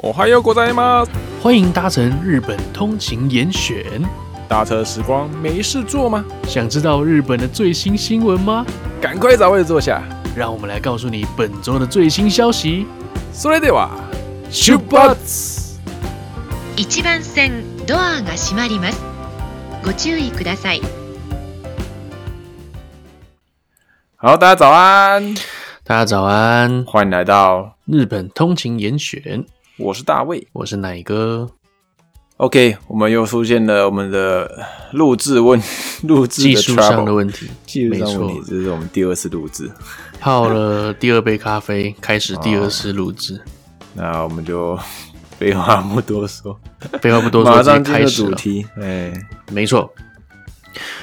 おはようございます。歡迎搭乘日本通勤嚴選。搭車時光沒事做嗎？想知道日本的最新新聞嗎？趕快找位子坐下，讓我們來告訴你本周的最新消息。それでは、出発！一番線ドアが閉まります。ご注意ください。好，大家早安，大家早安，歡迎來到日本通勤嚴選。我是大衛，我是奶哥。OK，我們又出現了我們的錄製問錄製技術上的問題，技術上問題。這是我們第二次錄製，泡了第二杯咖啡， 開始第二次錄製、哦。那我們就廢話不多說，廢話不多說直接，馬上開始主題。欸、沒錯。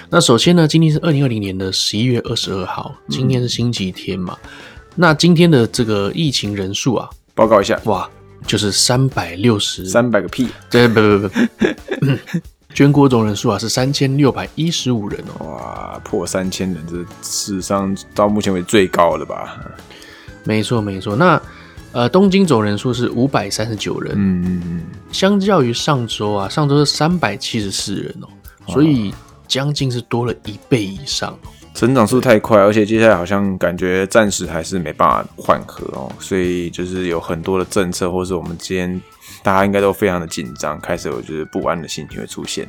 那首先呢，今天是二零二零年的十一月二十二號，今天是星期天嘛、嗯？那今天的這個疫情人數啊，報告一下哇！就是三百六十，三百個屁，啊！這不，不不不，全 國總人數啊是三千六百一十五人哦，哇，破三千人，這是史上到目前為止最高了吧？嗯、沒錯沒錯，那呃，東京總人數是五百三十九人，嗯嗯嗯，相較於上周啊，上周是三百七十四人哦，所以將近是多了一倍以上。成長速度太快，而且接下來好像感覺暫時還是沒辦法緩和哦，所以就是有很多的政策，或者我們之間，大家應該都非常的緊張，開始有就是不安的心情會出現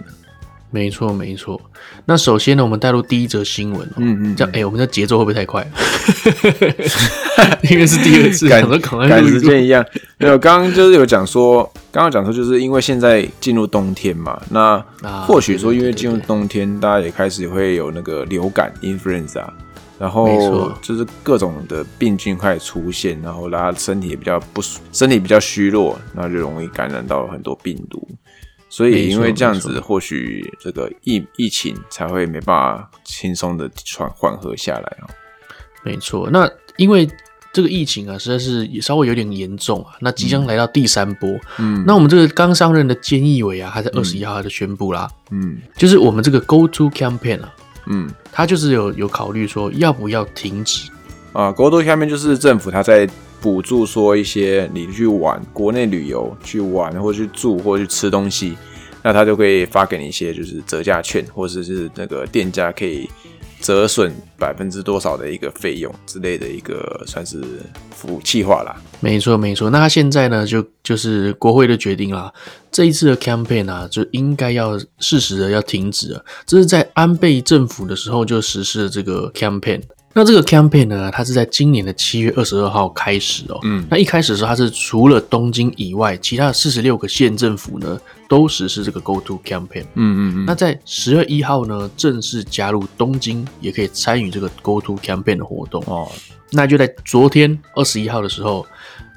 沒錯，沒錯。那首先呢，我們帶入第一則新聞喔。嗯嗯。這樣，哎，欸，我們的節奏會不會太快？嗯嗯， 因為是第二次趕趕時間一樣。沒有，剛剛就是有講說，剛剛講說，就是因為現在進入冬天嘛，那或許說因為進入冬天，啊，對對對對，大家也開始會有那個流感 influenza，然後就是各種的病菌開始出現，然後大家身體也比較不，身體比較虛弱，那就容易感染到很多病毒。所以，因為這樣子，或許這個疫疫情才會沒辦法輕鬆的緩緩和下來啊，哦。沒錯，那因為這個疫情啊，實在是也稍微有點嚴重啊。那即將來到第三波，嗯，那我們這個剛上任的菅義偉啊，他在二十一號他就宣布啦，嗯，就是我們這個 Go to Campaign 啊，嗯，他就是有有考慮說要不要停止啊，Go to Campaign 就是政府他在。補助說一些你去玩國內旅遊，去玩或者去住或者去吃東西，那他就可以發給你一些就是折價券，或者是，是那個店家可以折損百分之多少的一個費用之類的一個算是服務器化啦。沒錯，沒錯。那他現在呢就就是國會的決定啦，這一次的 campaign 啊就應該要適時的要停止了。這是在安倍政府的時候就實施了這個 campaign。那這個 campaign 呢，它是在今年的七月二十二號開始哦、喔。嗯，那一開始的時候，它是除了東京以外，其他的四十六個縣政府呢，都實施這個 Go To Campaign。嗯嗯嗯。那在十月一號呢，正式加入東京，也可以參與這個 Go To Campaign 的活動哦。那就在昨天二十一號的時候，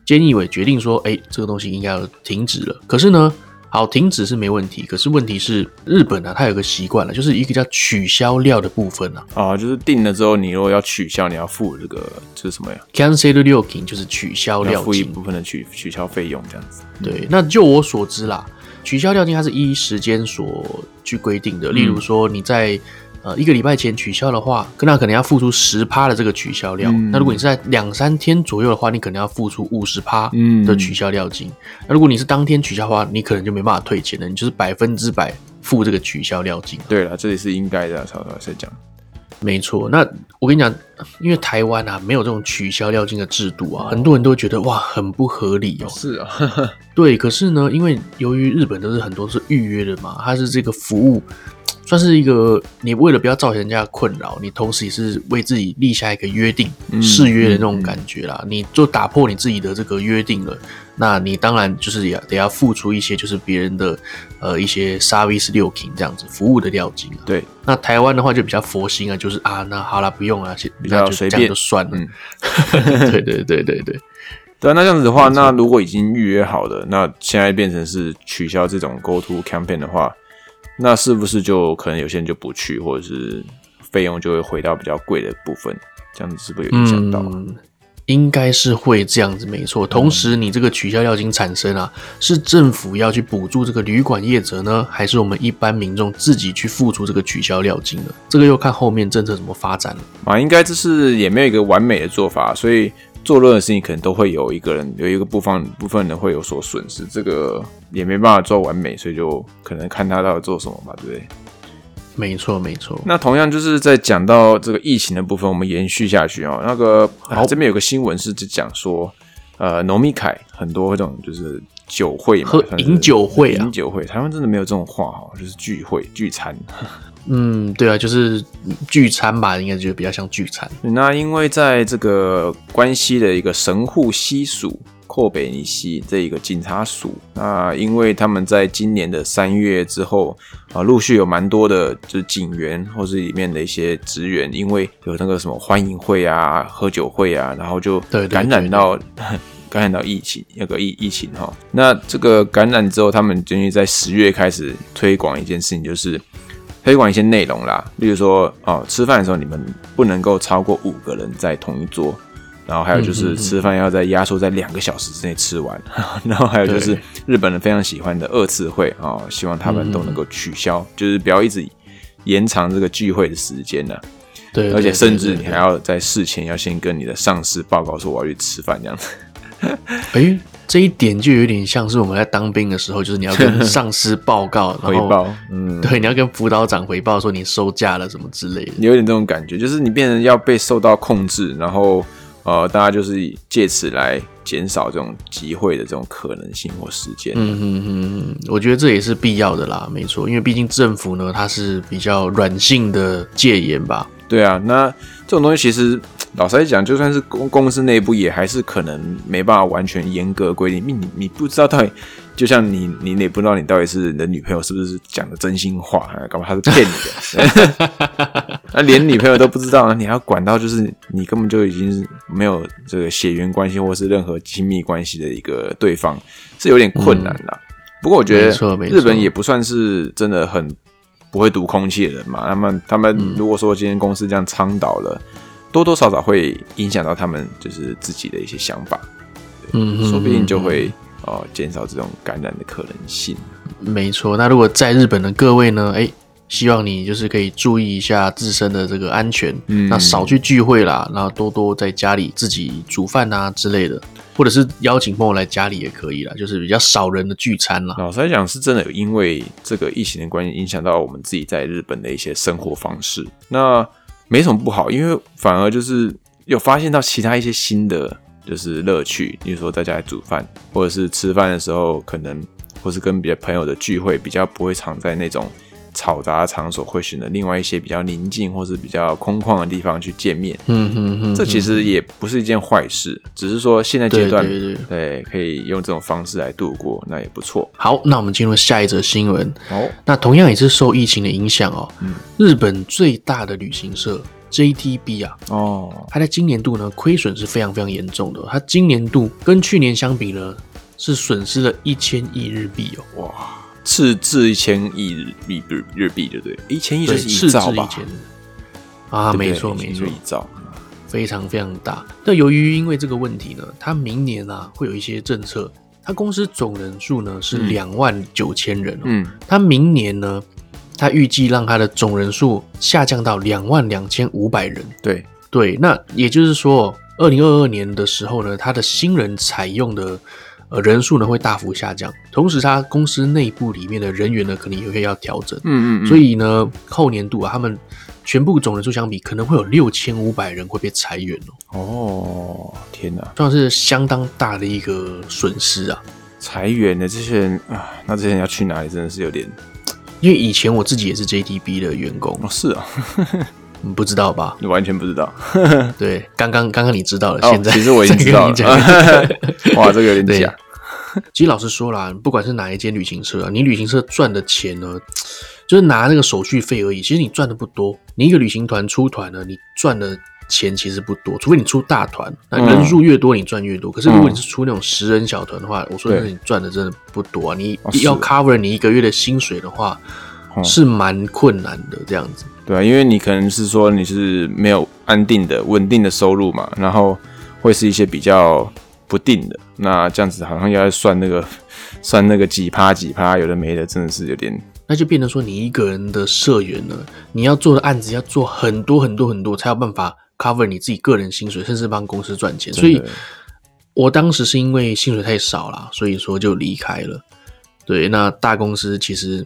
菅義偉決定說，哎、欸，這個東西應該要停止了。可是呢，好，停止是沒問題。可是問題是日本呢、啊，它有個習慣了，就是一個叫取消料的部分啊。啊，就是定了之後，你如果要取消，你要付這個這、就是什麼呀？Cancel 料金，就是取消料金，付一部分的取取消費用這樣子。對，那就我所知啦，取消料金它是依時間所去規定的、嗯。例如說你在。呃，一個禮拜前取消的話，那可能要付出十趴的這個取消料。嗯、那如果你是在兩三天左右的話，你可能要付出五十趴的取消料金、嗯。那如果你是當天取消的話，你可能就沒辦法退錢了，你就是百分之百付這個取消料金。對了，這裡是應該的、啊，稍稍再講。沒錯，那我跟你講，因為台灣啊，沒有這種取消料金的制度啊，很多人都覺得哇，很不合理哦、喔。是啊、喔，對，可是呢，因為由於日本都是很多是預約的嘛，它是這個服務算是一個你為了不要造成人家的困擾，你同時也是為自己立下一個約定誓約的那種感覺啦、嗯嗯，你就打破你自己的這個約定了。那你當然就是也得要付出一些，就是別人的，呃，一些 service 六瓶，這樣子服務的料金、啊、對，那台灣的話就比較佛心啊，就是啊，那好啦，不用、啊、就就了，比較隨便就算了。嗯。 對，對對對對對，對，那這樣子的話，那如果已經預約好了，那現在變成是取消這種 go to campaign 的話，那是不是就可能有些人就不去，或者是費用就會回到比較貴的部分？這樣子是不是有影響到？嗯應該是會這樣子，沒錯。同時，你這個取消料金產生啊，嗯、是政府要去補助這個旅館業者呢，還是我們一般民眾自己去付出這個取消料金呢？這個要看後面政策怎麼發展了。啊，應該這是也沒有一個完美的做法，所以做任何事情可能都會有一個人有一個部分部分人會有所損失，這個也沒辦法做完美，所以就可能看他到底做什麼吧，對不對？沒錯，沒錯。那同樣就是在講到這個疫情的部分，我們延續下去哦。那個好，啊、這邊有個新聞是就講說，呃，飲み會很多這種就是酒會嘛，喝飲酒會啊，飲酒會。台灣真的沒有這種話哈，就是聚會、聚餐。嗯，對啊，就是聚餐吧，應該就比較像聚餐。那因為在這個關西的一個神戶西署。闊北尼西這一個警察署，那因為他們在今年的三月之後啊，陸續有蠻多的，就是警員或是裡面的一些職員，因為有那個什麼歡迎會啊、喝酒會啊，然後就感染到對對對對，感染到疫情，那個疫疫情哈。那這個感染之後，他們終於在十月開始推廣一件事情，就是推廣一些內容啦，例如說哦、啊，吃飯的時候你們不能夠超過五個人在同一桌。然後還有就是吃飯要壓縮在壓縮在兩個小時之內吃完，嗯嗯嗯 然後還有就是日本人非常喜歡的二次會啊、哦，希望他們都能夠取消、嗯，就是不要一直延長這個聚會的時間呢、啊。對，對，對，而且甚至你還要在事前要先跟你的上司報告說我要去吃飯這樣子。哎、欸，這一點就有點像是我們在當兵的時候，就是你要跟上司報告， 回報然後，嗯，對，你要跟輔導長回報說你收假了什麼之類的，有點這種感覺，就是你變得要被受到控制，然後。呃，大家就是以借此來減少這種集會的這種可能性或時間。嗯嗯嗯嗯，我覺得這也是必要的啦，沒錯，因為畢竟政府呢，它是比較軟性的戒嚴吧。對啊，那這種東西其實老實來講，就算是公公司內部也還是可能沒辦法完全嚴格規定，你你不知道到底。就像你，你也不知道你到底是你的女朋友是不是講的真心話，啊，搞不好她是騙你的。那、 啊，連女朋友都不知道，啊，你還要管到，就是你根本就已經沒有這個血緣關係或是任何親密關係的一個對方，是有點困難的、嗯。不過我覺得，日本也不算是真的很不會讀空氣的人嘛。他們他們如果說今天公司這樣倡導了，多多少少會影響到他們，就是自己的一些想法。嗯哼嗯哼，說不定就會。哦，減少這種感染的可能性。沒錯，那如果在日本的各位呢？誒、欸，希望你就是可以注意一下自身的這個安全，嗯，那少去聚會啦，那多多在家裡自己煮飯啊之類的，或者是邀請朋友來家裡也可以啦，就是比較少人的聚餐了。老實來講，是真的有因為這個疫情的關係，影響到我們自己在日本的一些生活方式。那沒什麼不好，因為反而就是有發現到其他一些新的。就是樂趣，比如說在家裡煮飯，或者是吃飯的時候，可能，或是跟別的朋友的聚會，比較不會常在那種嘈雜場所，會選擇另外一些比較寧靜或是比較空曠的地方去見面。嗯嗯嗯，這其實也不是一件壞事，嗯嗯嗯，只是說現在階段，對，對，對，對，可以用這種方式來度過，那也不錯。好，那我們進入下一則新聞。好，那同樣也是受疫情的影響哦，嗯，日本最大的旅行社。JTB 啊，哦，它在今年度呢虧損是非常非常嚴重的。它今年度跟去年相比呢，是損失了一千億日幣哦，哇，赤字一千億日幣，日幣對不對？一千億就是一兆吧？1000, 啊，對對對，沒錯沒錯，非常非常大。那由於因為這個問題呢，它明年啊會有一些政策。它公司總人數呢是兩萬九千人哦，嗯，它明年呢？他預計讓他的總人數下降到兩萬兩千五百人。對。對對，那也就是說，二零二二年的時候呢，他的新人採用的呃人數呢會大幅下降，同時他公司內部裡面的人員呢可能也會要調整。嗯，嗯嗯。所以呢，後年度啊，他們全部總人數相比可能會有六千五百人會被裁員，喔、哦。天哪，算是相當大的一個損失啊！裁員的這些人啊，那這些人要去哪裡，真的是有點。因為以前我自己也是 JTB 的員工，哦、是啊、哦， 你不知道吧？你完全不知道。 對，剛剛剛剛你知道了，現在、哦、其實我已經知道跟你講了。哇，這個有點假。對，其實老實說啦，不管是哪一間旅行社，你旅行社賺的錢呢，就是拿那個手續費而已。其實你賺的不多，你一個旅行團出團呢，你賺的。錢其實不多，除非你出大團，那人數越、越多，你賺越多。可是如果你是出那種十人小團的話，嗯、我說真的你賺的真的不多啊！你要 cover 你一個月的薪水的話，哦、是蠻、嗯、困難的這樣子。對啊，因為你可能是說你是沒有安定的、穩定的收入嘛，然後會是一些比較不定的。那這樣子好像要算那個算那個幾趴幾趴，有的沒的，真的是有點。那就變成說你一個人的社員了，你要做的案子要做很多很多很多，才有辦法。cover 你自己個人薪水，甚至幫公司賺錢，所以我當時是因為薪水太少了，所以說就離開了。對，那大公司其實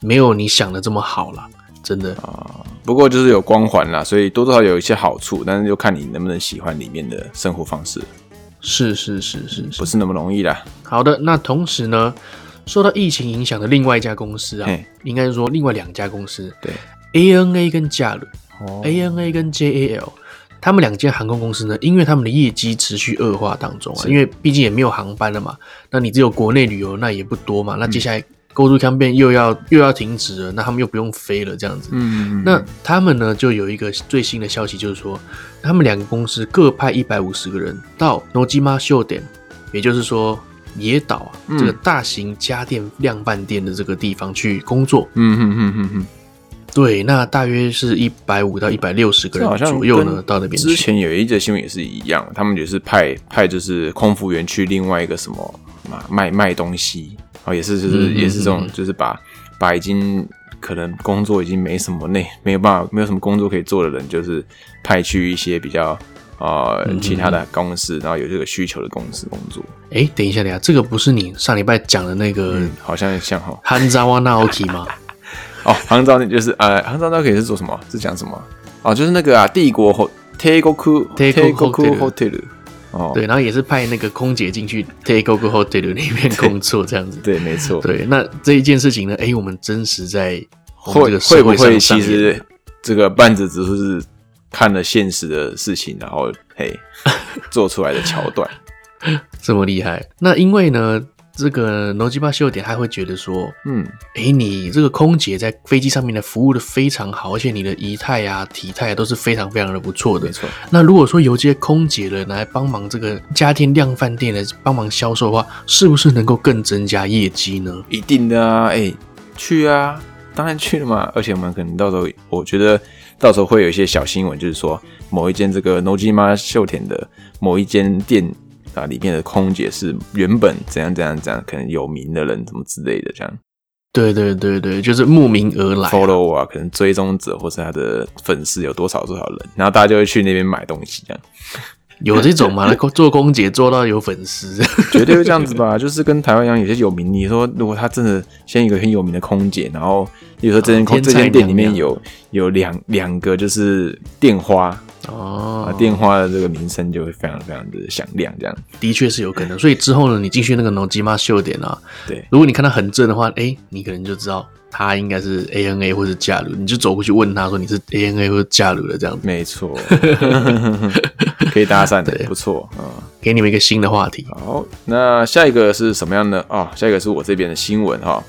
沒有你想的這麼好了，真的。啊，不過就是有光環啦，所以多多少有一些好處，但是就看你能不能喜歡裡面的生活方式。是是是是，是，不是那麼容易啦。好的，那同時呢，受到疫情影響的另外一家公司啊，應該是說另外兩家公司，對，ANA 跟 JAL。Oh. ANA 跟 JAL，他們兩間航空公司呢，因為他們的業績持續惡化當中啊，因為畢竟也沒有航班了嘛，那你只有國內旅遊，那也不多嘛，那接下來 Go To Campaign 又要又要停止了，那他們又不用飛了，這樣子。嗯，嗯，那他們呢就有一個最新的消息，就是說他們兩個公司各派一百五十個人到 Nojima 商事，也就是說野島啊、嗯、這個大型家電量販店的這個地方去工作。嗯哼哼哼哼。對，那大約是一百五到一百六十個人左右呢，到那邊。之前有一則新聞也是一樣，他們就是派派就是空服員去另外一個什麼賣賣東西，也是就是也是這種，就是把把已經可能工作已經沒什麼那沒有辦法沒有什麼工作可以做的人，就是派去一些比較、呃、嗯嗯其他的公司，然後有這個需求的公司工作。哎，等一下等一下，這個不是你上禮拜講的那個、嗯、好像像哈，半澤直樹嗎？ 哦，杭州那就是，呃、啊，杭州那可以是做什麼？是講什麼？哦、啊，就是那個啊，帝國和 Teikoku Teikoku Hotel 哦，對，然後也是派那個空姐進去 Teikoku Hotel 裡面工作這樣子。對，對沒錯。對，那這一件事情呢？誒、欸，我們真實在會會不會其實這個半子只是看了現實的事情，然後嘿做出來的橋段這 麼厲害？那因為呢？這個ノジマ秀典還會覺得說，嗯，誒，你這個空姐在飛機上面的服務的非常好，而且你的儀態啊，體態啊，都是非常非常的不錯的。沒錯。那如果說有這些空姐的來幫忙這個家電量販店的幫忙銷售的話，是不是能夠更增加業績呢？一定的啊，誒，去啊，當然去了嘛。而且我們可能到時候，我覺得到時候會有一些小新聞，就是說某一間這個ノジマ秀典的某一間店。啊，裡面的空姐是原本怎樣怎樣怎樣，可能有名的人，什麼之類的這樣。對對對對，就是慕名而來、啊。Follow 啊，可能追蹤者或是他的粉絲有多少多少人，然後大家就會去那邊買東西這樣。有這種嗎？ 做空姐做到有粉絲、嗯，絕對會這樣子吧？就是跟台灣一樣，有些有名。 你說，如果他真的先有一個很有名的空姐，然後比如說這間空這間店裡面有有兩兩個就是店花。哦、oh, 啊，電話的這個名聲就會非常非常的響亮，這樣的確是有可能。所以之後呢，你進去那個 Nojima 商事啊，對，如果你看到很正的話，哎、欸，你可能就知道他應該是 ANA 或是 JAL，你就走過去問他說你是 ANA 或是 JAL 的這樣子。沒錯， 可以搭訕的，對不錯啊、嗯，給你們一個新的話題。好，那下一個是什麼樣的哦，下一個是我這邊的新聞哈、哦，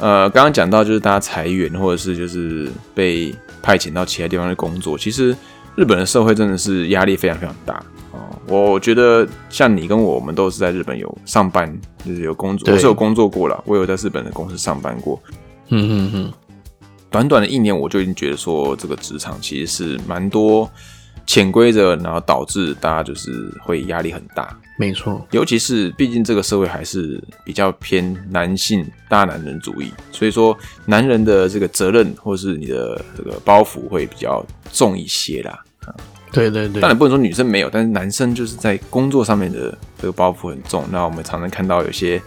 呃，剛剛講到就是大家裁員或者是就是被派遣到其他地方去工作，其實。日本的社會真的是壓力非常非常大，嗯，我覺得像你跟我，我們都是在日本有上班，就是有工作，我是有工作過了，我有在日本的公司上班過。嗯嗯嗯，短短的一年，我就已經覺得說這個職場其實是蠻多潛規則，然後導致大家就是會壓力很大。沒錯，尤其是畢竟這個社會還是比較偏男性大男人主義，所以說男人的這個責任或是你的這個包袱會比較重一些啦。對對對，當然不能說女生沒有，但是男生就是在工作上面的這個包袱很重。那我們常常看到有些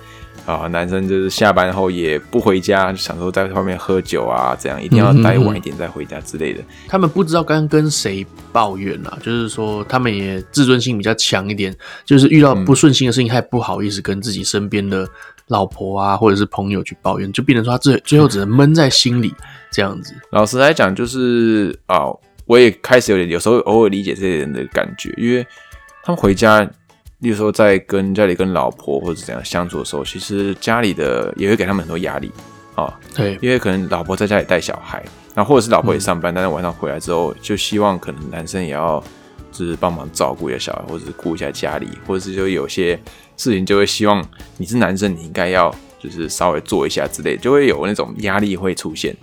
啊、呃、男生就是下班後也不回家，就想說在外面喝酒啊，這樣一定要待晚一點再回家之類的。嗯、他們不知道剛剛跟誰抱怨啊，就是說他們也自尊心比較強一點，就是遇到不順心的事情，他、嗯、也不好意思跟自己身邊的老婆啊，或者是朋友去抱怨，就變成說他最最後只能悶在心裡、嗯、這樣子。老實來講，就是啊。哦我也開始有點，有時候偶爾理解這些人的感覺，因為他們回家，例如說在跟家裡、跟老婆或者怎樣相處的時候，其實家裡的也會給他們很多壓力啊、哦。對，因為可能老婆在家裡帶小孩，然後或者是老婆也上班、嗯，但是晚上回來之後，就希望可能男生也要就是幫忙照顧一下小孩，或者是顧一下家裡，或者是就有些事情就會希望你是男生，你應該要就是稍微做一下之類，就會有那種壓力會出現。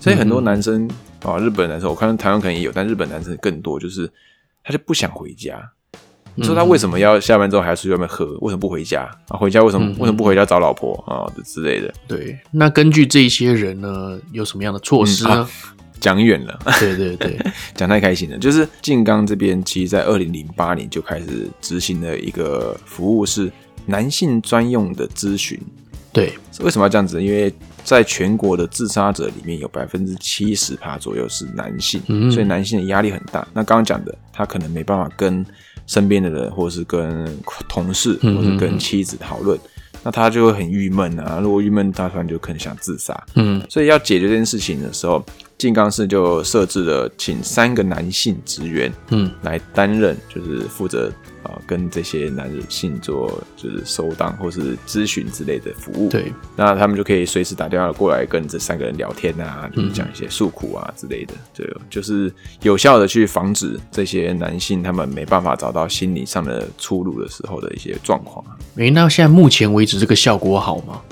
所以很多男生。嗯啊、哦，日本男生，我看台灣可能也有，但日本男生更多，就是他就不想回家。你、嗯、說他為什麼要下班之後還要出去外面喝？為什麼不回家啊？回家為什麼、嗯、為什麼不回家找老婆啊？這、哦、之類的。對，那根據這些人呢，有什麼樣的措施呢？講、嗯、遠、啊、了。對對對，講 太開心了。就是靜岡這邊，其實在二零零八年就開始執行了一個服務，是男性專用的諮詢。對，為什麼要這樣子？因為。在全國的自殺者裡面有70，有百分之七十趴左右是男性，嗯嗯，所以男性的壓力很大。那剛剛講的，他可能沒辦法跟身邊的人，或是跟同事，或者跟妻子討論，嗯嗯嗯，那他就會很鬱悶啊。如果鬱悶，他可能就可能想自殺。嗯，嗯，所以要解決這件事情的時候。靜岡市就設置了請三個男性職員，嗯，來擔任，就是負責啊，跟這些男性做就是收檔或是諮詢之類的服務。對，那他們就可以隨時打電話過來跟這三個人聊天啊，就是講一些訴苦啊之類的、嗯。對，就是有效的去防止這些男性他們沒辦法找到心理上的出路的時候的一些狀況。沒，那現在目前為止這個效果好嗎？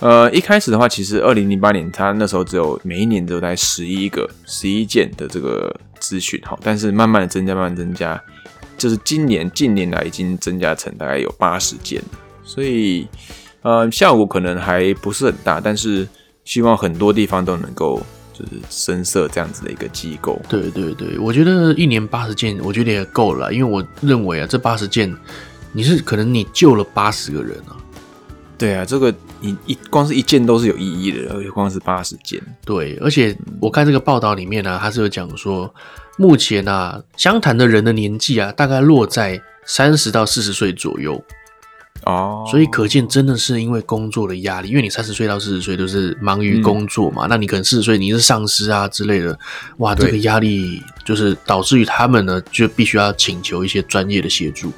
呃，一開始的話，其實二零零八年，他那時候只有每一年都在十一個、十一件的這個諮詢，好，但是慢慢的增加，慢慢增加，就是今年近年來已經增加成大概有八十件了。所以，呃，效果可能還不是很大，但是希望很多地方都能夠就是增設這樣子的一個機構。對對對，我覺得一年八十件，我覺得也夠了，因為我認為啊，這八十件你是可能你救了八十個人啊。對啊，這個。你一一光是一件都是有意義的，而且光是八十件。對，而且我看這個報道裡面呢、啊，他是有講說，目前呢、啊，相談的人的年紀啊，大概落在三十到四十歲左右。哦，所以可見真的是因為工作的壓力，因為你三十歲到四十歲都是忙於工作嘛、嗯，那你可能四十歲你是上司啊之類的，哇，這個壓力就是導致於他們呢，就必須要請求一些專業的協助。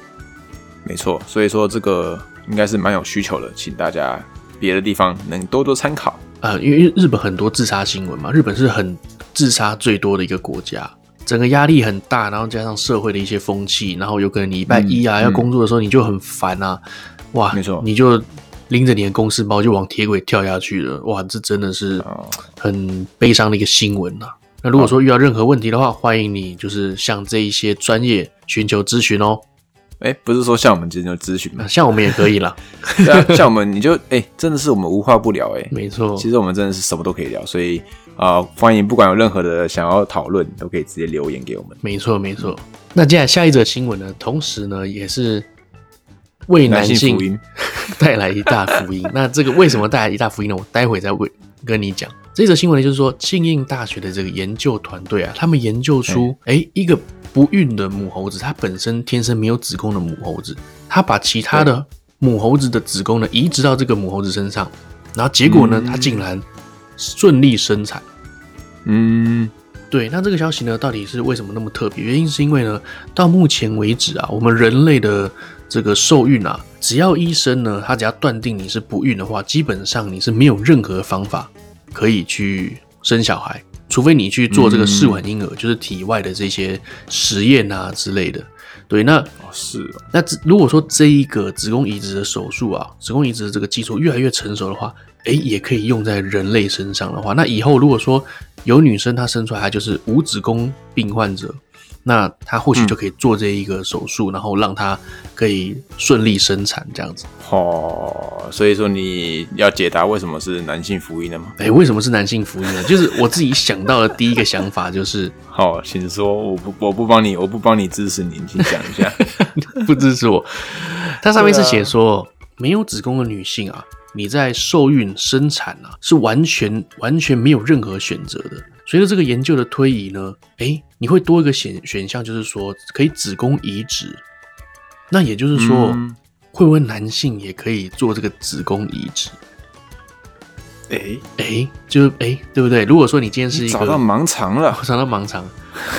沒錯，所以說這個應該是蠻有需求的，請大家。別的地方能多多參考，呃，因為日本很多自殺新聞嘛，日本是很自殺最多的一個國家，整個壓力很大，然後加上社會的一些風氣，然後有可能禮拜一啊、嗯、要工作的時候你就很煩啊、嗯，哇，沒錯，你就拎着你的公司包就往鐵軌跳下去了，哇，這真的是很悲傷的一個新聞吶、啊。那如果說遇到任何問題的話，歡迎你就是向這一些專業尋求諮詢哦。哎、欸，不是說像我們今天就諮詢嗎？像我們也可以啦、 啊，像我們你就哎、欸，真的是我們無話不聊哎、欸，沒錯，其實我們真的是什麼都可以聊，所以啊、呃，歡迎不管有任何的想要討論，都可以直接留言給我們。沒錯，沒錯、嗯。那接下來下一則新聞呢、嗯，同時呢也是為男性帶 來一大福音。 那這個為什麼帶來一大福音呢？我待會再為跟你講。這則新聞呢，就是說慶應大學的這個研究團隊啊，他們研究出哎、嗯欸、一個。不孕的母猴子，它本身天生沒有子宮的母猴子，它把其他的母猴子的子宮呢移植到這個母猴子身上，然後結果呢，它、嗯、竟然順利生產。嗯，對，那這個消息呢，到底是為什麼那麼特別？原因是因為呢，到目前為止啊，我們人類的這個受孕啊，只要醫生呢，他只要斷定你是不孕的話，基本上你是沒有任何方法可以去生小孩。除非你去做這個試管嬰兒、嗯,就是體外的這些實驗啊之類的。對,那、哦、是、啊,那如果說這一個子宮移植的手術啊,子宮移植的這個技術越來越成熟的話,哎、欸,也可以用在人類身上的話,那以後如果說有女生她生出來她就是無子宮病患者。那他或許就可以做這一個手術、嗯，然後讓他可以順利生產這樣子。哦，所以說你要解答為什麼是男性福音的嗎？誒、欸，為什麼是男性福音呢？ 就是我自己想到的第一個想法就是，好、哦，請說。我不，我不幫你，我不幫你支持你，請講一下， 不支持我。它上面是寫說、啊，沒有子宮的女性啊，你在受孕、生產啊，是完全、完全沒有任何選擇的。隨着這個研究的推移呢，誒、欸你會多一個選選項，就是說可以子宮移植。那也就是說、嗯，會不會男性也可以做這個子宮移植？哎、欸、哎、欸，就是、欸、對不對？如果說你今天是一個，找到盲腸了，找到盲腸，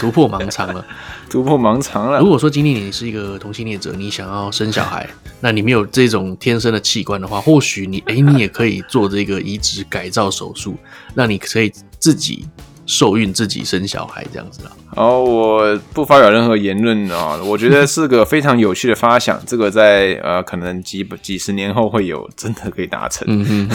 突破盲腸了， 突破盲腸了。如果說今天你是一個同性戀者，你想要生小孩， 那你沒有這種天生的器官的話，或許你誒、欸，你也可以做這個移植改造手術， 讓你可以自己。受孕，自己生小孩這樣子啊。好，我不發表任何言論啊，我覺得是個非常有趣的發想，這個在呃可能幾幾十年後會有真的可以達成。嗯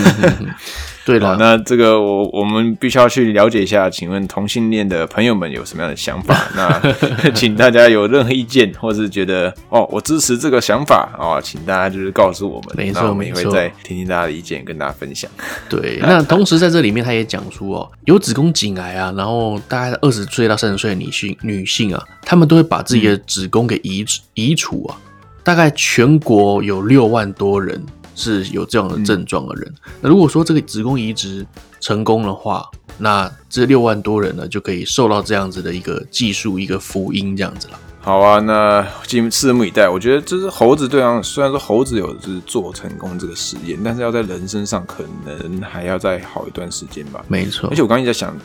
對了、嗯，那這個我、我們必須要去了解一下，請問同性戀的朋友們有什麼樣的想法？ 那請大家有任何意見，或是覺得哦，我支持這個想法啊、哦，請大家就是告訴我們，沒錯，我們也會再聽聽大家的意見，跟大家分享。對，那同時在這裡面，他也講出哦，有子宮頸癌啊，然後大概二十歲到三十歲的女性女性啊，她們都會把自己的子宮給移、嗯、移除啊，大概全國有六萬多人。是有這樣的症狀的人、嗯。那如果說這個子宮移植成功的話，那這六萬多人呢，就可以受到這樣子的一個技術、一個福音，這樣子了。好啊，那就拭目以待。我覺得這是猴子對上，雖然說猴子有就是做成功這個實驗，但是要在人身上可能還要再好一段時間吧。沒錯。而且我剛一直在想，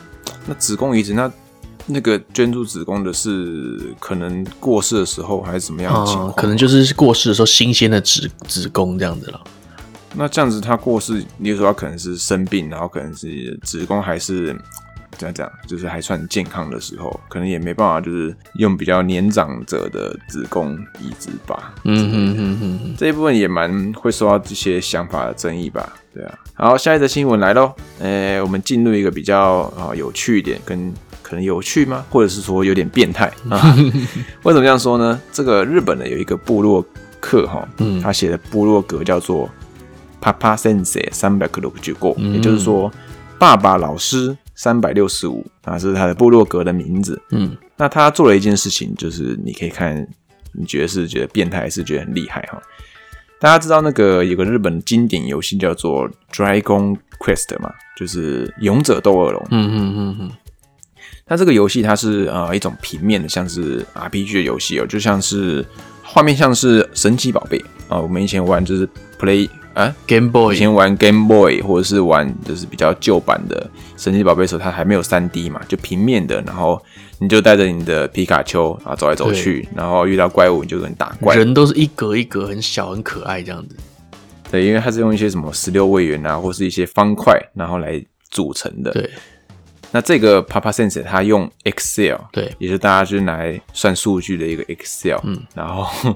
那子宮移植，那那個捐助子宮的是可能過世的時候還是怎麼樣的情況、嗯？可能就是過世的時候新鮮的子子宮這樣子了。那這樣子，他過世，你說他可能是生病，然後可能是子宮還是怎樣怎樣，就是還算健康的時候，可能也沒辦法，就是用比較年長者的子宮移植吧。嗯哼嗯哼嗯嗯，這一部分也蠻會受到這些想法的爭議吧？對啊。好，下一則新聞來嘍。誒、欸，我們進入一個比較啊、哦、有趣一點，跟可能有趣嗎？或者是說有點變態啊？ 為什麼這樣說呢？這個日本的有一個部落客，哈，嗯，他寫的部落格叫做，爸爸 sense 三百六十五，也就是說，爸爸老師三百六十五啊，是他的部落格的名字。嗯，那他做了一件事情，就是你可以看，你覺得是覺得變態，還是覺得很厲害哈？大家知道那個有個日本經典遊戲叫做《Dragon Quest》嘛，就是《勇者鬥惡龍》。嗯嗯嗯嗯，那這個遊戲它是呃一種平面的，像是 RPG 的遊戲哦，就像是畫面像是神奇寶貝啊，我們以前玩就是 Play。啊，Game Boy 以前玩 Game Boy 或者是玩就是比較舊版的神奇寶貝手，它還沒有三 D 嘛，就平面的，然後你就帶着你的皮卡丘啊走來走去，然後遇到怪物你就跟打怪，人都是一格一格很小很可愛這樣子。對，因為它是用一些什麼十六位元啊，或是一些方塊然後來組成的。對，那這個 Papa Sense 它用 Excel，對，也就是大家就來算數據的一個 Excel，嗯，然後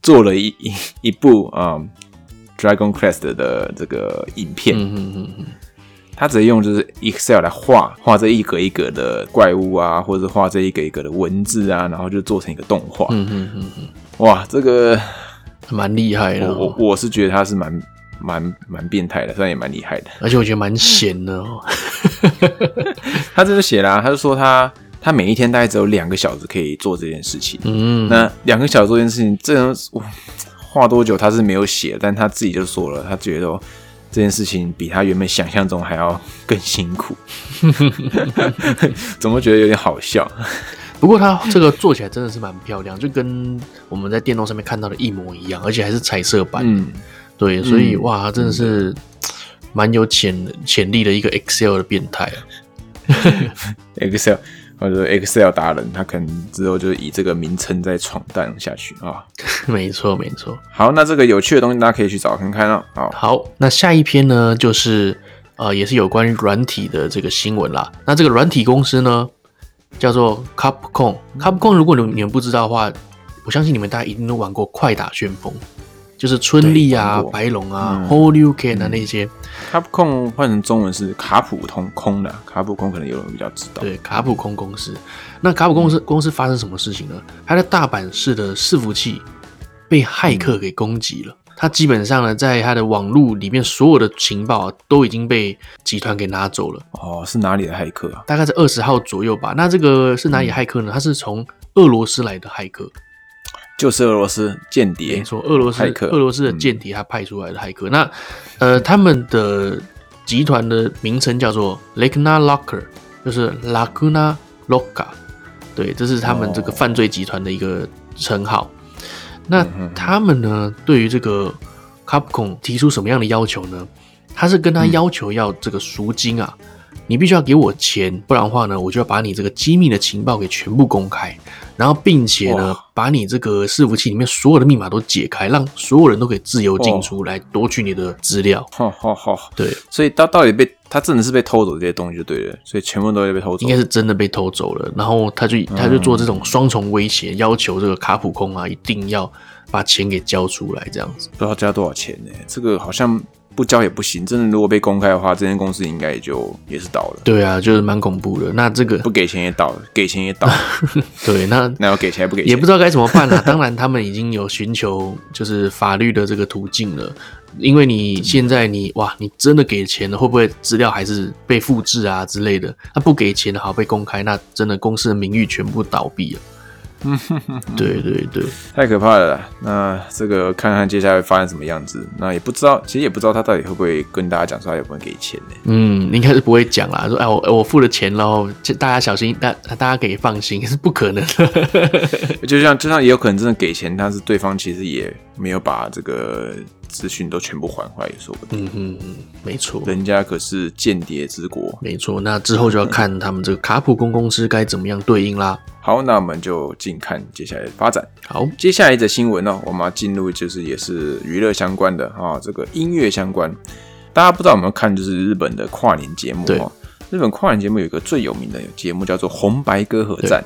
做了一一部啊。嗯 Dragon Quest 的這個影片，嗯哼嗯嗯，他直接用就是 Excel 來畫畫這一格一格的怪物啊，或者畫這一格一格的文字啊，然後就做成一個動畫，嗯哼嗯嗯，哇，這個蠻厲害的。哦，我我，我是覺得他是蠻蠻蠻變態的，雖然也蠻厲害的，而且我覺得蠻閒的哦。 他這就寫了。啊，他就說他他每一天大概只有兩個小時可以做這件事情，嗯，哼嗯哼，那兩個小時做這件事情，這我。哇畫多久他是沒有寫，但他自己就說了，他覺得這件事情比他原本想象中還要更辛苦，怎 麼 覺得有點好笑？不過他這個做起來真的是蠻漂亮，就跟我們在電動上面看到的一模一樣，而且還是彩色版，嗯。對，所以，嗯、哇，他真的是蠻有潛潛力的一個 Excel 的變態啊 ，Excel。或者 Excel 達人，他可能之後就以這個名稱再闖蕩下去啊、哦。沒錯，沒錯。好，那這個有趣的東西，大家可以去找看看啊、哦。好，那下一篇呢，就是呃，也是有關於軟體的這個新聞啦。那這個軟體公司呢，叫做 CAPCOM。CAPCOM 如果你們你們不知道的話，我相信你們大家一定都玩過快打旋風。就是春麗啊、白龍啊、昇龍拳啊那些、嗯。卡普空換成中文是卡普通空的，卡普空可能有人比較知道。對，卡普空公司。那卡普公司公司發生什麼事情呢？它的大阪市的伺服器被駭客給攻擊了，它基本上呢，在它的網絡裡面所有的情報、啊、都已經被集團給拿走了。哦，是哪裡的駭客、啊？大概在二十號左右吧。那這個是哪裡駭客呢？它、嗯、是從俄羅斯來的駭客。就是俄羅斯間諜，沒錯，俄羅斯海克，俄羅斯的間諜他派出來的海克，嗯、那呃，他們的集團的名稱叫做 Laguna Locker，就是 Lacuna Locker。對，這是他們這個犯罪集團的一個稱號哦。那他們呢，嗯、對於這個 Capcom 提出什麼樣的要求呢？他是跟他要求要這個贖金啊，嗯、你必須要給我錢，不然的話呢，我就要把你這個機密的情報給全部公開。然後，並且呢，把你這個伺服器裡面所有的密碼都解開，讓所有人都可以自由進出來奪取你的資料。哦。對，所以到到底被他真的是被偷走這些東西就對了，所以全部都被偷走，應該是真的被偷走了。然後他就他就做這種雙重威脅，要求這個卡普空啊一定要把錢給交出來，這樣子不知道交多少錢呢？這個好像。不交也不行，真的，如果被公開的話，這間公司應該也就也是倒了。對啊，就是蠻恐怖的。那這個不給錢也倒了，給錢也倒了。 對，那那要給錢也不給錢？也不知道該怎麼辦啦、啊。當然，他們已經有尋求就是法律的這個途徑了。因為你現在你哇，你真的給錢了，會不會資料還是被複製啊之類的？那、啊、不給錢好像被公開，那真的公司的名譽全部倒閉了。 對對對，對，太可怕了啦。那這個看看接下來會發生什麼樣子。那也不知道，其實也不知道他到底會不會跟大家講說他有沒有給錢、欸、嗯，應該是不會講啦。說哎、欸，我我付了錢，然後大家小心，大家大家可以放心，是不可能的。 就像就像也有可能真的給錢，但是對方其實也沒有把這個。資訊都全部還回來也說不定。嗯嗯沒錯，人家可是間諜之國。沒錯，那之後就要看他們這個卡普空公司該怎麼樣對應啦。 好，那我們就靜看接下來的發展。好，接下來的新聞呢、哦，我們要進入就是也是娛樂相關的啊、哦，這個音樂相關。大家不知道有沒有看，就是日本的跨年節目啊、哦？日本跨年節目有一個最有名的節目叫做紅白歌合戰。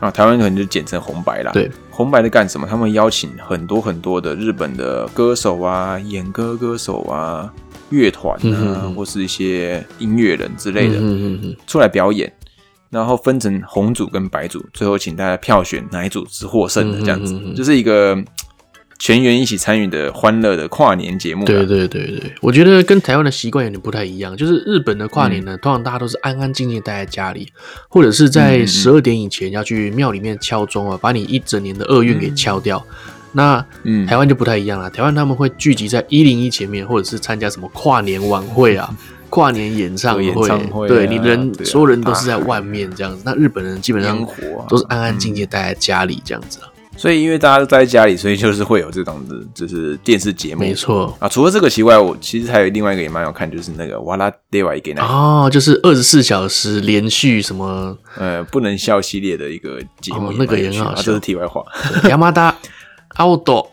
啊，台灣可能就簡稱紅白啦。對，紅白在幹什麼？他們邀請很多很多的日本的歌手啊、演歌歌手啊、樂團啊，嗯嗯，或是一些音樂人之類的，嗯哼嗯哼，出來表演，然後分成紅組跟白組，最後請大家票選哪一組是獲勝的，這樣子嗯哼嗯哼，就是一個全員一起參與的歡樂的跨年節目、啊。對對對對，我覺得跟台灣的習慣有點不太一樣。就是日本的跨年呢，嗯、通常大家都是安安靜靜待在家裡，或者是在十二點以前要去廟裡面敲鐘啊，把你一整年的厄運給敲掉。嗯、那台灣就不太一樣了，台灣他們會聚集在一零一前面，或者是參加什麼跨年晚會啊、跨年演唱會、欸、演唱會、啊。對你人，所有、啊啊、人都是在外面這樣子。那日本人基本上都是安安靜靜待在家裡這樣子、啊。所以，因為大家都在家裡，所以就是會有這種的，就是電視節目。沒錯啊，除了這個之外，我其實還有另外一個也蠻好看，就是那個《笑ってはいけない》哦，就是二十四小時連續什麼呃、嗯、不能笑系列的一個節目、哦，那個也很好笑。就、啊、是題外話，ヤマダ、アウト、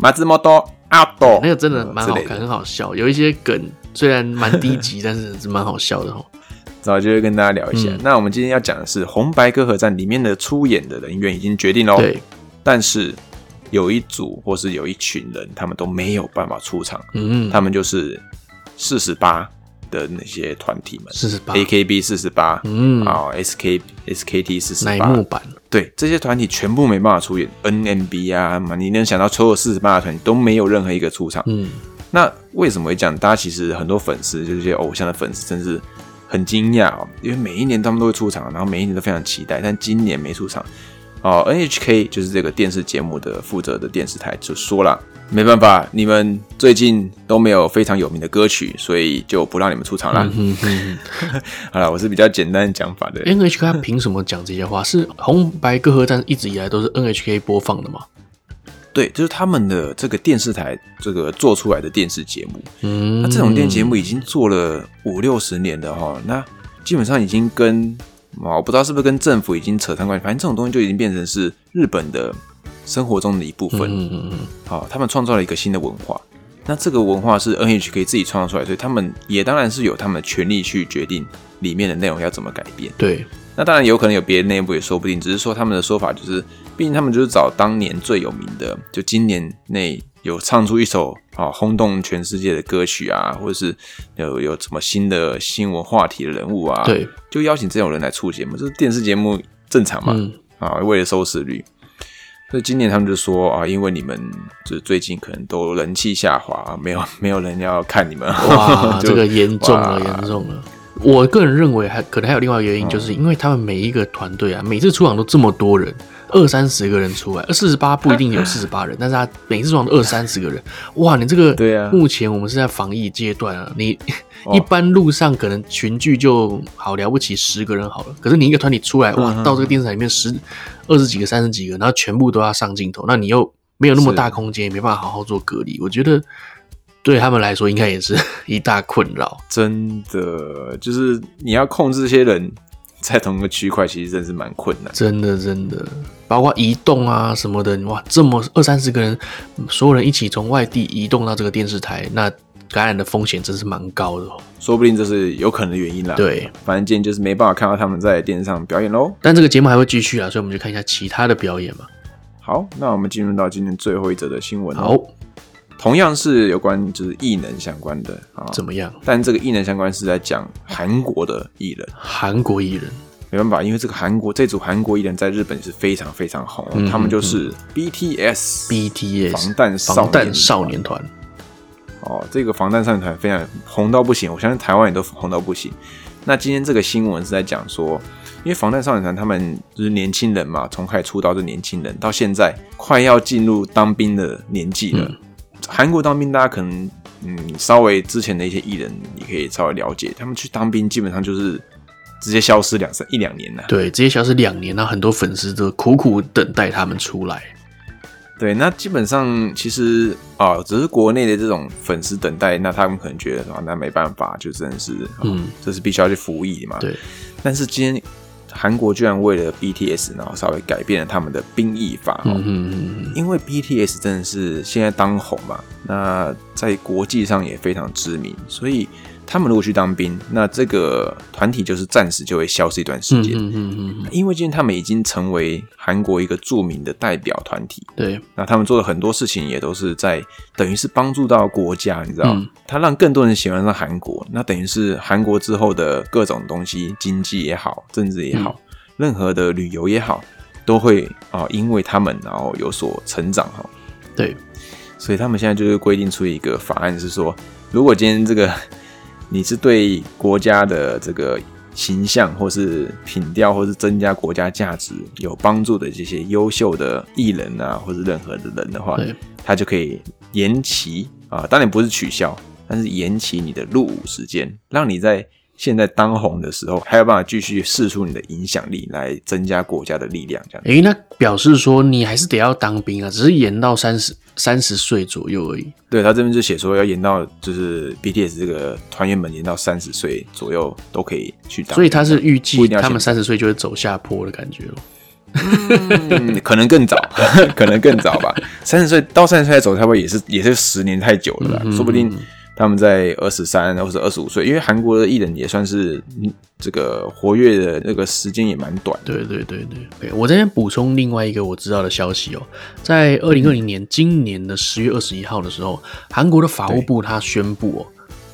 マツモト、アウト，那個真的蠻好看，很好笑，有一些梗雖然蠻低級， 但是是蠻好笑的哦。然後就會跟大家聊一下、嗯。那我們今天要講的是《紅白歌合戰》裡面的出演的人員已經決定了，對，但是有一組或是有一群人，他們都沒有辦法出場。嗯，他們就是四十八的那些團體們，四十八 A K B 四十八，AKB48, 嗯，S K S K T 四十八，哦、SK, SKT48, 乃木坂對，這些團體全部沒辦法出演。N M B 啊，嘛，你能想到所有四十八的團體都沒有任何一個出場。嗯，那為什麼會講？大家其實很多粉絲，就是些偶像的粉絲，真是。很驚訝哦，因為每一年他們都會出場，然後每一年都非常期待，但今年沒出場哦。NHK 就是這個電視節目的負責的電視台就說了，沒辦法，你們最近都沒有非常有名的歌曲，所以就不讓你們出場了。嗯嗯嗯、 好了，我是比較簡單講法的。 NHK 他憑什麼講這些話？是紅白歌合戰一直以來都是 NHK 播放的嗎？對，就是他們的這個電視台，這個做出來的電視節目，那、嗯啊、這種電視節目已經做了五六十年的哈、哦，那基本上已經跟，我不知道是不是跟政府已經扯上關係，反正這種東西就已經變成是日本的生活中的一部分。嗯嗯嗯。好、嗯嗯哦，他們創造了一個新的文化，那這個文化是 NHK 自己創造出來，所以他們也當然是有他們的權利去決定裡面的內容要怎麼改變。對。那當然有可能有別的內部也說不定，只是說他們的說法就是，畢竟他們就是找當年最有名的，就今年內有唱出一首啊轟動全世界的歌曲啊，或者是有有什麼新的新聞話題的人物啊，對，就邀請這種人來出節目，就是電視節目正常嘛，嗯。啊，為了收視率，所以今年他們就說啊，因為你們就最近可能都人氣下滑，啊，沒有沒有人要看你們，哇， 這個嚴重了，嚴重了。我個人認為還可能還有另外一個原因，就是因為他們每一個團隊啊，每次出場都這麼多人，二三十個人出來，而四十八不一定有四十八人， 但是他每次出場都二三十個人，哇，你這個對啊，目前我們是在防疫階段啊，你一般路上可能群聚就好，了不起，oh. 十個人好了，可是你一個團體出來，哇，到這個電視台裡面十二十幾個、三十幾個，然後全部都要上鏡頭，那你又沒有那麼大空間，也沒辦法好好做隔離，我覺得。對他們來說，應該也是一大困擾。真的，就是你要控制這些人在同一個區塊，其實真是蠻困難。真的，真的，包括移動啊什麼的，哇，這麼二三十個人，所有人一起從外地移動到這個電視台，那感染的風險真是蠻高的哦。說不定這是有可能的原因啦。對，反正今天就是沒辦法看到他們在電視上表演嘍。但這個節目還會繼續啊，所以我們就看一下其他的表演吧。好，那我們進入到今天最後一則的新聞。好。同樣是有關就是藝能相關的啊、哦，怎麼樣？但這個藝能相關是在講韓國的藝人，韓國藝人沒辦法，因為這個韓國這組韓國藝人在日本是非常非常紅，嗯嗯嗯，他們就是 BTS，BTS BTS，防彈少年團。哦，這個防彈少年團非常紅到不行，我相信台灣也都紅到不行。那今天這個新聞是在講說，因為防彈少年團他們就是年輕人嘛，從開始出道的年輕人，到現在快要進入當兵的年紀了。嗯韓國當兵，大家可能嗯稍微之前的一些藝人，你可以稍微了解，他們去當兵基本上就是直接消失兩三一兩年呢。對，直接消失兩年，那很多粉絲都苦苦等待他們出來。對，那基本上其實啊、哦，只是國內的這種粉絲等待，那他們可能覺得啊、哦，那沒辦法，就真的是、哦、嗯，這是必須要去服役嘛。對，但是今天。韓國居然為了 BTS，然後稍微改變了他們的兵役法喔，因為 BTS 真的是現在當紅嘛，那在國際上也非常知名，所以。他們如果去當兵，那這個團體就是暫時就會消失一段時間。嗯嗯，嗯，嗯，因為今天他們已經成為韓國一個著名的代表團體。對。那他們做的很多事情也都是在等於是幫助到國家，你知道嗎？、嗯、他讓更多人喜歡上韓國，那等於是韓國之後的各種東西，經濟也好，政治也好，嗯、任何的旅遊也好，都會啊、呃，因為他們然後有所成長哈、哦。對。所以他們現在就是規定出一個法案，是說如果今天這個。你是對國家的這個形象，或是品調，或是增加國家價值有幫助的這些優秀的藝人啊，或是任何的人的話，他就可以延期啊，當然不是取消，但是延期你的入伍時間，讓你在現在當紅的時候，還有辦法繼續釋出你的影響力來增加國家的力量。這樣子。誒，那表示說你還是得要當兵啊，只是延到三十。三十歲左右而已。對，他這邊就寫說要延到，就是 BTS 這個團員們延到三十歲左右都可以去當。所以他是預計他們三十歲就會走下坡的感覺了、 嗯，可能更早，可能更早吧。三十歲到三十歲再走，差不多也是也是十年太久了吧、嗯，說不定。他們在二十三或者二十五歲，因為韓國的藝人也算是這個活躍的那個時間也蠻短。對對對對。我這邊補充另外一個我知道的消息哦、喔，在二零二零年今年的十月二十一號的時候，韓國的法務部他宣布哦、喔，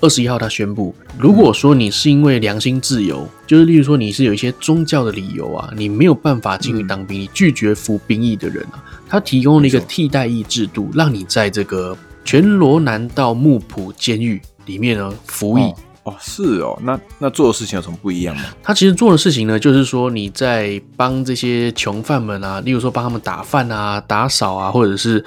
二十一號他宣布，如果說你是因為良心自由、嗯，就是例如說你是有一些宗教的理由啊，你沒有辦法進去當兵、嗯，你拒絕服兵役的人啊，他提供了一個替代役制度，讓你在這個。全羅南道木浦監獄裡面呢服役哦，哦，是哦，那那做的事情有什麼不一樣嗎？他其實做的事情呢，就是說你在幫這些囚犯們啊，例如說幫他們打飯啊、打掃啊，或者是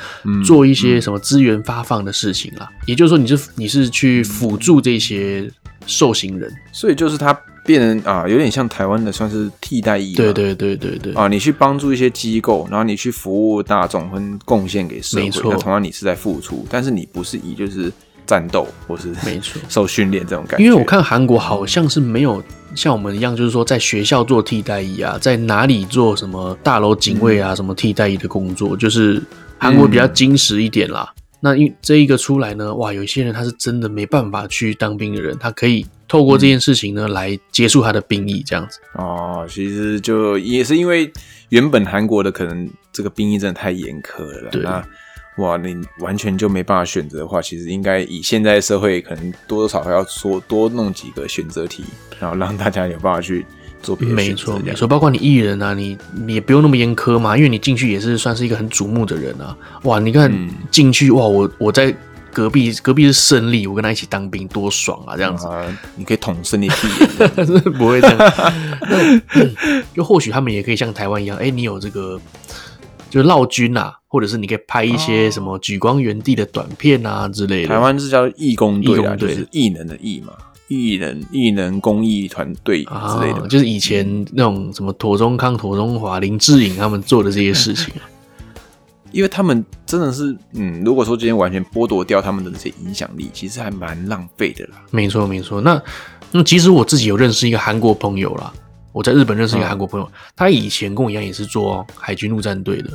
做一些什麼資源發放的事情啊。嗯嗯、也就是說你就，你是你是去輔助這些受刑人，所以就是他。變成啊，有點像台灣的算是替代役。對對對對對。啊，你去幫助一些機構，然後你去服務大眾跟貢獻給社會。沒錯。那同樣你是在付出，但是你不是以就是戰鬥或是沒錯受訓練這種感覺。因為我看韓國好像是沒有像我們一樣，就是說在學校做替代役啊，在哪裡做什麼大樓警衛啊、嗯，什麼替代役的工作，就是韓國比較精實一點啦。嗯那因為這一個出來呢，哇，有些人他是真的沒辦法去當兵的人，他可以透過這件事情呢、嗯、來結束他的兵役，這樣子。哦，其實就也是因為原本韓國的可能這個兵役真的太嚴苛了，對，那哇，你完全就沒辦法選擇的話，其實應該以現在社會可能多多少少要說多弄幾個選擇題，然後讓大家有辦法去。嗯沒錯，沒錯，包括你藝人啊你，你也不用那麼嚴苛嘛，因為你進去也是算是一個很矚目的人啊。哇，你看進、嗯、去哇，我我在隔壁，隔壁是勝利，我跟他一起當兵，多爽啊，這樣子，嗯啊、你可以捅死你屁眼， 不會這樣、 嗯、就或許他們也可以像台灣一樣，哎、欸，你有這個，就是勞軍啊，或者是你可以拍一些什麼莒光園地的短片啊之類的。台灣是叫藝工隊、啊、工、啊、就是藝能的藝嘛。藝人、藝人公益團隊之類的、啊，就是以前那種什麼庹宗康、庹宗華、林志穎他們做的這些事情， 因為他們真的是，嗯，如果說今天完全剝奪掉他們的那些影響力，其實還蠻浪費的啦。沒錯，沒錯。那那其實我自己有認識一個韓國朋友啦，我在日本認識一個韓國朋友、嗯，他以前跟我一樣也是做、哦、海軍陸戰隊的，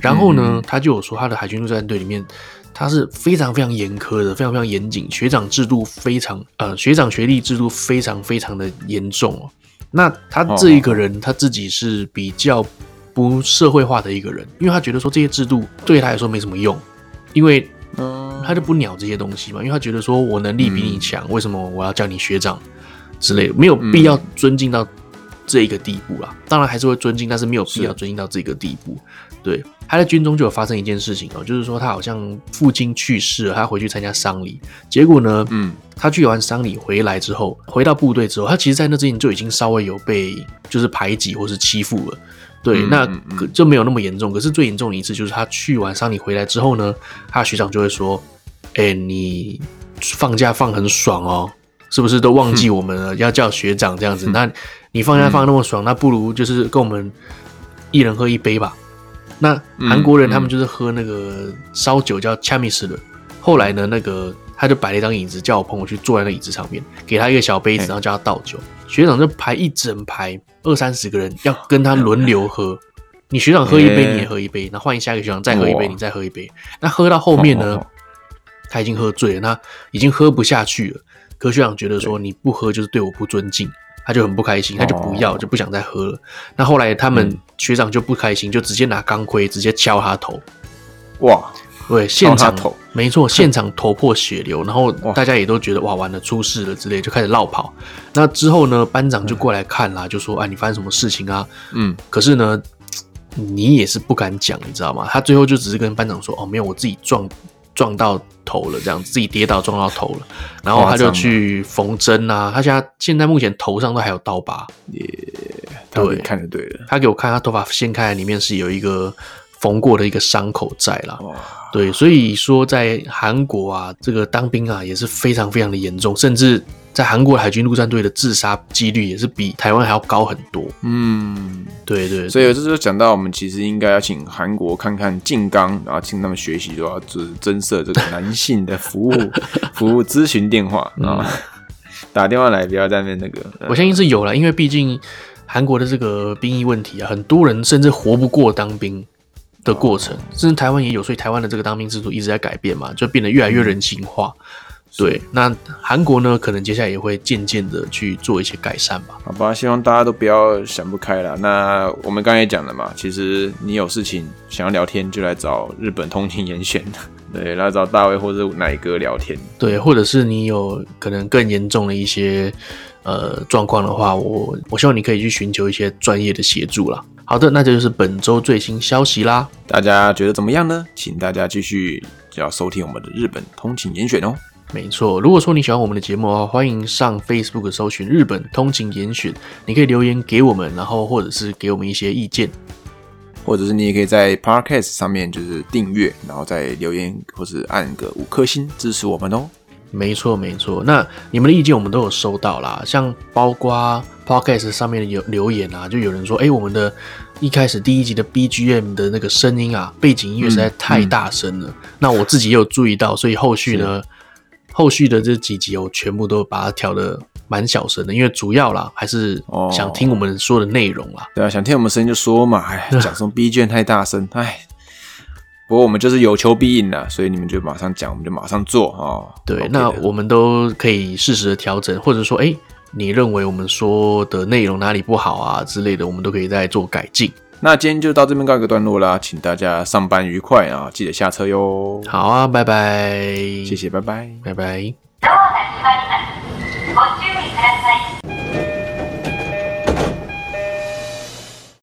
然後呢、嗯，他就有說他的海軍陸戰隊裡面。他是非常非常嚴苛的，非常非常嚴謹，學長制度非常呃，學長學歷制度非常非常的嚴重哦。那他這一個人，哦哦，他自己是比較不社會化的一個人，因為他覺得說這些制度對他來說沒什麼用，因為嗯，他就不鳥這些東西嘛。因為他覺得說我能力比你強、嗯，為什麼我要叫你學長之類的，沒有必要尊敬到這一個地步啊、嗯。當然還是會尊敬，但是沒有必要尊敬到這個地步。對，他在軍中就有發生一件事情哦、喔，就是說他好像父親去世了，他回去參加喪禮，結果呢，嗯，他去完喪禮回來之後，回到部隊之後，他其實在那之前就已經稍微有被就是排擠或是欺負了。對嗯嗯嗯，那就沒有那麼嚴重。可是最嚴重的一次就是他去完喪禮回來之後呢，他的學長就會說：“哎、欸，你放假放很爽哦、喔，是不是都忘記我們了？要叫學長這樣子？那你放假放那麼爽，那不如就是跟我們一人喝一杯吧。”那韓國人他們就是喝那個燒酒，叫 chamisul。後來呢，那個他就擺了一張椅子，叫我朋友去坐在那椅子上面，給他一個小杯子，然後叫他倒酒。學長就排一整排二三十個人，要跟他輪流喝。你學長喝一杯，你也喝一杯，那換下一個學長再喝一杯，你再喝一杯。那喝到後面呢，他已經喝醉了，他已經喝不下去了。可學長覺得說你不喝就是對我不尊敬。他就很不開心，他就不要，oh. 就不想再喝了。那後來他們學長就不開心，嗯、就直接拿鋼盔直接敲他頭，哇，對，現場頭，沒錯，現場頭破血流。然後大家也都覺得哇，完了，出事了之類，就開始烙跑。那之後呢，班長就過來看啦，嗯、就說哎、啊、你發生什麼事情啊？嗯，可是呢，你也是不敢講，你知道嗎？他最後就只是跟班長說哦，沒有，我自己撞。撞到頭了，這樣自己跌倒撞到頭了，然後他就去縫針啊。他現在目前頭上都還有刀疤，也、yeah, 對，看得對的。他給我看他頭髮掀開來，裡面是有一個縫過的一個傷口在了。哇，對，所以說在韓國啊，這個當兵啊也是非常非常的嚴重，甚至。在韓國海軍陸戰隊的自殺幾率也是比台灣還要高很多。嗯，對對、對，所以這就講到我們其實應該要請韓國看看靜岡，然後請他們學習說要增增設這個男性的服務 服務諮詢電話啊、嗯哦，打電話來不要在那邊那個、嗯。我相信是有了，因為畢竟韓國的這個兵役問題啊，很多人甚至活不過當兵的過程，哦、甚至台灣也有，所以台灣的這個當兵制度一直在改變嘛，就變得越來越人性化。嗯對，那韓國呢，可能接下來也會漸漸的去做一些改善吧。好吧，希望大家都不要想不開啦。那我們剛才也講了嘛，其實你有事情想要聊天，就來找日本通勤嚴選，對，來找大衛或者奶哥聊天。對，或者是你有可能更嚴重的一些呃狀況的話，我我希望你可以去尋求一些專業的協助啦。好的，那這就，就是本周最新消息啦。大家覺得怎麼樣呢？請大家繼續要收聽我們的日本通勤嚴選哦。沒錯，如果說你喜歡我們的節目的話，歡迎上 Facebook 搜尋日本通勤嚴選，你可以留言給我們，然後或者是給我們一些意見，或者是你也可以在 Podcast 上面就是訂閱，然後再留言或是按個五顆星支持我們哦、喔。沒錯沒錯，那你們的意見我們都有收到啦，像包括 Podcast 上面的留言啊，就有人說，哎、欸，我們的一開始第一集的 BGM 的那個聲音啊，背景音樂實在太大聲了、嗯嗯。那我自己也有注意到，所以後續呢。後續的這幾集我全部都把它調的蠻小聲的，因為主要啦還是想聽我們說的內容啦、哦。對啊，想聽我們聲音就說嘛，哎，講什麼 B 卷太大聲，哎， 不過我們就是有求必應啦，所以你們就馬上講，我們就馬上做啊、哦。對、OK，那我們都可以適時的調整，或者說，哎，你認為我們說的內容哪裡不好啊之類的，我們都可以再做改進。那今天就到這邊告一個段落啦，請大家上班愉快啊，記得下車喲。好啊，拜拜。謝謝，拜拜，拜拜。